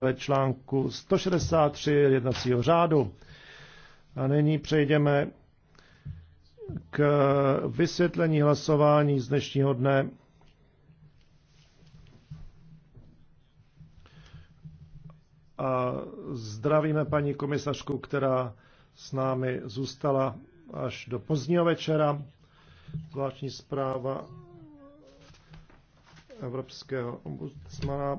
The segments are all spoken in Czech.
ve článku 163 jednacího řádu. A nyní přejdeme k vysvětlení hlasování z dnešního dne. A zdravíme paní komisařku, která s námi zůstala až do pozdního večera. Zvláštní zpráva Evropského ombudsmana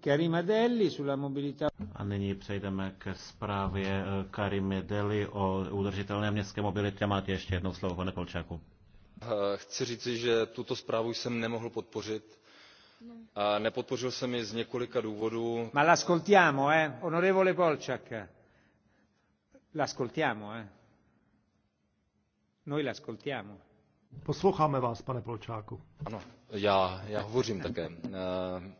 Karima Deli sulla mobilità. A nyní přejdeme ke zprávě eh, Karimy Deli o udržitelné městské mobilitě. Máte ještě jednou slovo, pane Polčáku. Eh, chci říci, že tuto zprávu jsem nemohl podpořit. A nepodpořil jsem ji z několika důvodů. Ma l'ascoltiamo, eh, onorevole Polčák. L'ascoltiamo, eh. Noi l'ascoltiamo. Posloucháme vás, pane Polčáku. Ano, já, já hovořím také. Eh,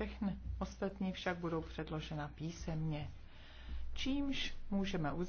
Všechny ostatní však budou předložena písemně, čímž můžeme uzavřít.